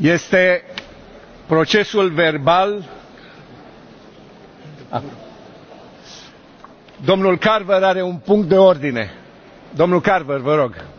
este procesul verbal domnul Carver are un punct de ordine domnul Carver vă rog